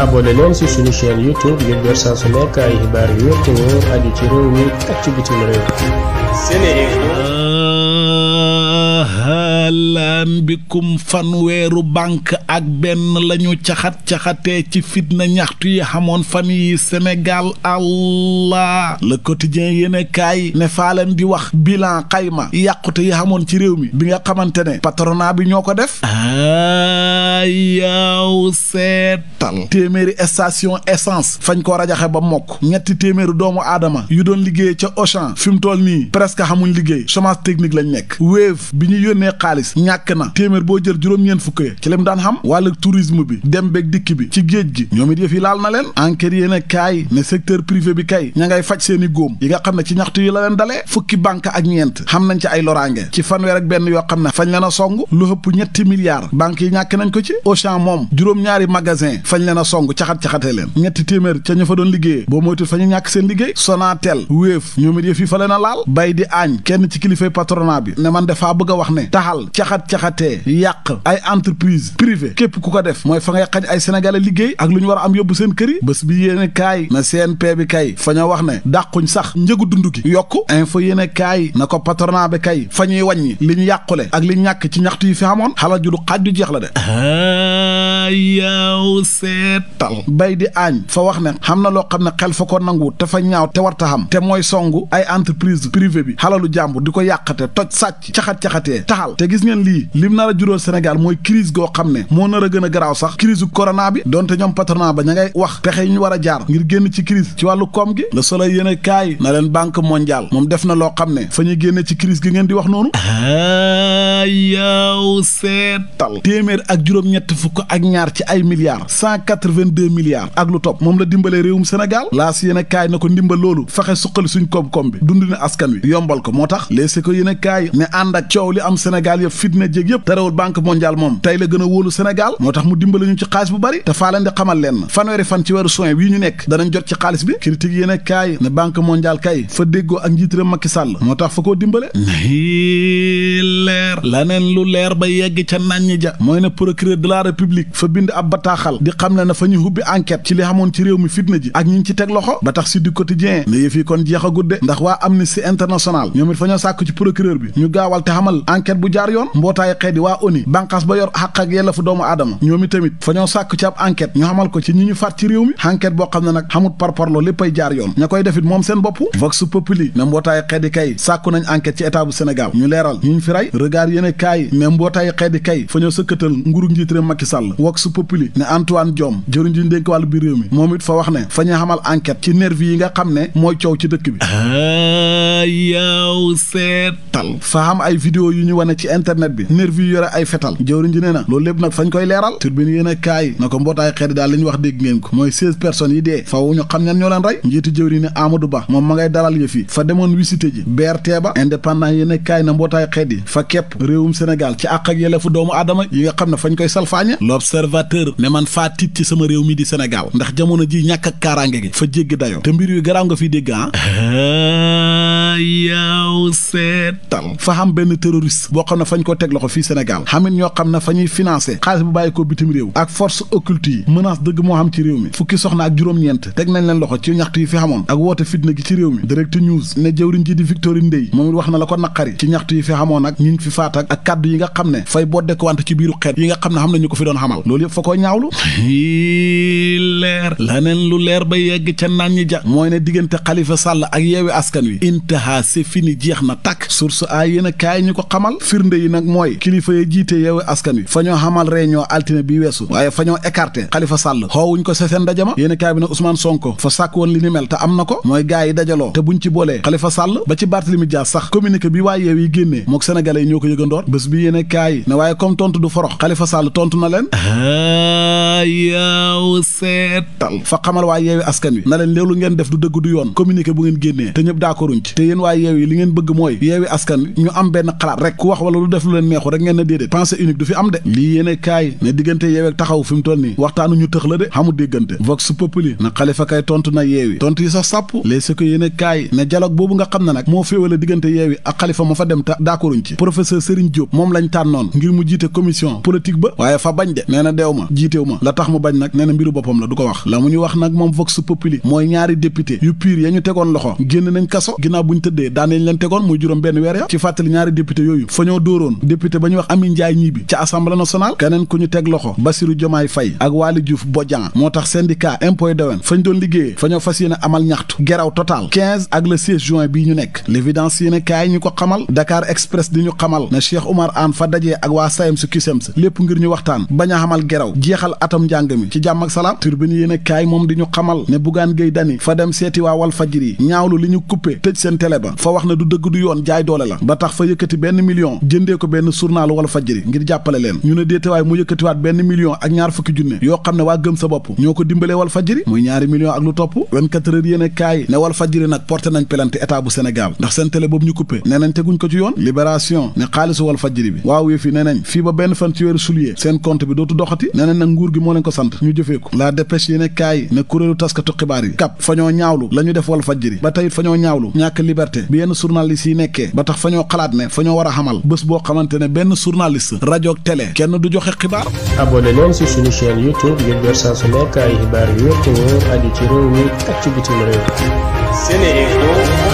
abonné leen ci suñu chaîne YouTube ngir jot saa ay xibaar yu wér te wóor aju ci réew mi ak ci ahlan bikum fanweeru banque ak benn lañu caxat-caxatee ci fitna ñaxtu yi xamoon fan yi Sénégal allah le quotidien yéene kaay ne faaleen di wax bilan xayma yàqute yi xamoon ci réew mi bi nga xamante ne patronat bi ñoo ko def ayaw seetal téeméeri station essence fañ ko rajaxe ba mokk ñetti téeméeri doomu aadama yu doon liggéeye ca Auchan fi mu toll nii presque xamuñ liggéey chômage technique lañ nekk wéef bi ñu yónnee xaalis xaalis ñàkk na téeméer boo jël juróom-ñeent fukk ya ci lim daan xam wàllu tourisme bi dem beeg dikk bi ci géej gi ñoom it yëf yi laal na leen enquête yéen kaay ne secteur privé bi kay ña ngay faj seeni góom yi nga xam ne ci ñaxtu yi la leen dale fukki banque ak ñeent xam nañ ci ay loraange ci fanweer ak benn yoo xam ne fañ leen a song lu ëpp ñetti milliards banque yi ñàkk nañ ko ci Auchan moom juróom-ñaari magasin fañ leen a song caxat-caxate leen ñetti téeméer ca ñu fa doon liggéeyee boo moytul fa ñu ñàkk seen liggéey Sonatel Wave ñoom it yëf fa leen a laal bay di aañ kenn ci kilifay patronat bi ne man defaa bëgg wax ne caxat-caxatee yàq ay entreprise privé képp ku ko def mooy fa ngay xañ ay sénégalais liggéey ak lu ñu war am yóbbu seen kër yi bés bi yéene kaay na CNP bi kay fa ñoo wax ne dàquñ sax njëgu dund yokk yokku info yéene kaay na ko patronat bi kay fa ñuy wàññi li ñu yàqule ak li ñàkk ci ñaxtu yi fi amoon xala ju du xaaj ju jeex la de ah, yaw seetal bay di añ fa wax ne xam na loo xam ne xel fa ko nangu te fa ñaaw te warta xam te mooy songu ay entreprise privé bi xalalu jàmbur di ko yàqate toj sàcc caxat gis ngeen lii lim nar a juróo Sénégal mooy crise goo xam ne moo nar a gën a garaaw sax crise corona bi donte ñoom patronat ba ña ngay wax pexe yi ñu war a jaar ngir génn ci crise ci wàllu koom gi Le Soleil yéen kaay na leen banque mondiale moom def na loo xam ne fa ñuy génne ci crise gi ngeen di wax noonu ah, yow seetal téeméer ak juróom-ñett fukk ak ñaar ci ay milliards cent quatre-vingt-deux milliards ak lu topp moom la dimbalee réewum Sénégal laas yéen kaay na ko ndimbal loolu faxe suqali suñ koom bi dund ne askan wi yombal ko moo tax léeg si ko yéen kaay ne ànd ak coow li am Sénégal ak fitna jéeg yëpp terewul banque mondiale moom tey la gën a wóolu Sénégal moo tax mu dimbali ñu ci xaalis bu bari te faa leen di xamal leen fanweeri fan ci weeru soin wii ñu nekk danañ jot ci xaalis bi critique yéen a kaay ne banque mondiale kay fa déggoo ak njiitiram Macky Sall moo tax fa koo dimbale leer laneen lu leer ba yegg ca naññ ja moo ne procureur de la république fa bind ab bataaxal di xam ne na fa ñu hubbi enquête ci li xamoon ci réew mi fitna ji ak ñi ci teg loxo ba tax si du quotidien ne yëf yi kon jeex a gudde ndax waa Amnesty International ñoom it fa ñoo sàkk ci bi jaar yoon mbootaayu xeet yi waa ONU bànqaas ba yor xàq ak yelleefu doomu aadama ñoom i tamit fa ñoo sàkku ci ab enquête ñu xamal ko ci ñu faat ci réew mi enquête boo xam ne nag xamut par parloo léppay jaar yoon ña koy defit moom seen bopp vox populi ne mbootaayu xeet kay sàkku nañ enquête ci état bu ñu leeral ñu ñu fi rey regard yéene kaay ne mbootaayu xeet kay fa ñoo sëkkatal nguru njiit réew Macky Sall mi moom it fa wax ne fa ñuy xam ne mooy coow ci dëkk bi ah, yow seetal fa am ay vidéo yu ñu wane internet bi nervi yu yore ay fetal jëwriñ ji nee na loolu lépp nag fañ koy leeral turbine yéen a kaay na ko mbootaay xeet daal li ñu wax dégg ngeen ko mooy seize personnes yi dee faw ñu xam ñan ñoo leen rey njiitu jëwriñ ne Amadou Ba moom ma ngay dalal yëf yi fa demoon visité ji BRT ba indépendant yéen a kaay na mbootaay xeet yi fa kepp réewum Sénégal ci àq ak yelleefu doomu aadama yi nga xam ne fañ koy salfaañe l'observateur ne man faa tiit ci sama réew mi di Sénégal ndax jamono ji ñàkk ak kaaraange gi fa jéggi dayo te mbir yu garaaw nga fiy dégg ah yaaw seetal fa xam benn terroriste boo xam ne fañ ko teg loxo fii Sénégal xamit ñoo xam ne fa ñuy financé xaalis bu bàyyi ko bitim réew ak force occulte yi menace dëgg moo xam ci réew mi fukki soxna ak juróom-ñeent teg nañ leen loxo ci ñaxtu yi fi xamoon ak woote fitna gi ci réew mi direct news ne jëwriñ ji di Victorine Ndeye moom it wax na la ko naqari ci ñaxtu yi fi xamoon ak ñi fi faat ak kàddu yi nga xam ne fay bodde ko wante ci biiru xeet yi nga xam ne xam nañu ko fi doon xamal loolu lu leer ba yegg ca naan ñi ja mooy ne diggante Khalifa Sall ak yeewi askan wi ha c'est fini jeex na takk source a yéen a kaay ñu ko xamal firnde yi nag mooy kilifa yi jiite yeewu askan wi fa ñoo xamal réunion altine bi weesu waaye fa ñoo écarté Khalifa Sall xoowuñ ko sa seen ma yéen a kaay bi ne Ousmane Sonko fa sàkk woon li ni mel te am na ko mooy gaay yi dajaloo te buñ ci boolee Khalifa Sall ba ci Barthélemy Dias sax communiqué bi waa yeew yi génnee mook sénégalais yi ñoo ko yëgandoor bés bi yéen a kaay waaye comme tontu du forox Khalifa Sall tontu na leen ah, yaaw seetal fa xamal waa yeewi askan wi na leen léelu ngeen def du dëgg yoon communiqué bu ngeen génnee te ñëpp yéen waa yeew yi li ngeen bëgg mooy yeewi askan wi ñu am benn xalaat rek ku wax wala lu def lu leen neexu rek ngeen ne déedéet pensée unique du fi am de lii yéen kaay ne diggante yeewek taxaw fi mu toll nii waxtaanu ñu tëx la de xamu déggante vox populi na xalifa kay tontu na yeewi tontu yi sax sàpp les ce que yéen kaay ne dialogue boobu nga xam ne nag moo féewale diggante yeewi ak xalifa ma fa dem ta d'accorduñ ci professeur Serigne Diop moom lañ tànnoon ngir mu jiite commission politique ba waaye fa bañ de nee na deew ma la tax mu bañ nag nee na mbiru boppam la du ko wax la mu ñu wax nag moom vox populi mooy ñaari député yu pur ya ñu tegoon nañ kaso ginnaaw buñ tëddee daan nañ leen tegoon muy juróom benn weer ya ci fàttali ñaari député yooyu fa ñoo dóoroon député ba ñuy wax Amin Njaay ñibi ci assemblée nationale keneen ku ñu teg loxo Basiru Jomaay Fay ak Waly Diouf Bodian moo tax syndicat impôt dowen fañ doon liggéeyee fa ñoo fas yéene amal ñaxtu geraw total ak le 16 juin ñu nekk l'évidence yéene kaay ñu ko xamal Dakar Express di ñu xamal na Cheikh Oumar Anne fa dajee ak waa sayems kusems lépp ngir ñu ci jàmm ak salaam turbine yéene kaay moom di ñu ne Bougane Gueye Dany fa dem seeti télé ba fa wax ne du dëgg du yoon jaay doole la ba tax fa yëkkati benn million jëndee ko benn journal wala fajiri ngir jàppale leen ñu ne déetewaay mu yëkkatiwaat benn million ak ñaar fukki junne yoo xam ne waa gëm sa bopp ñoo ko dimbalee wal fajiri muy ñaari million ak lu topp 24 heures yéene kaay ne wal fajiri nag porté nañ plainte état bu ndax seen télé boobu ñu coupé nee teguñ ko ci yoon libération ne xaalisu wal fajiri bi yi nee nañ fii ba benn fan bi dootu doxati fa liberté bi yenn journaliste yi nekkee ba tax fa ñoo xalaat ne fa ñoo war a xamal bés boo xamante ne benn journaliste rajo tele kenn du joxe xibaar abonné leen ci suñu chaîne youtube ngir jot saa su nekk ay xibaar yu wér te wóor aju ci réew mi ak bitim réew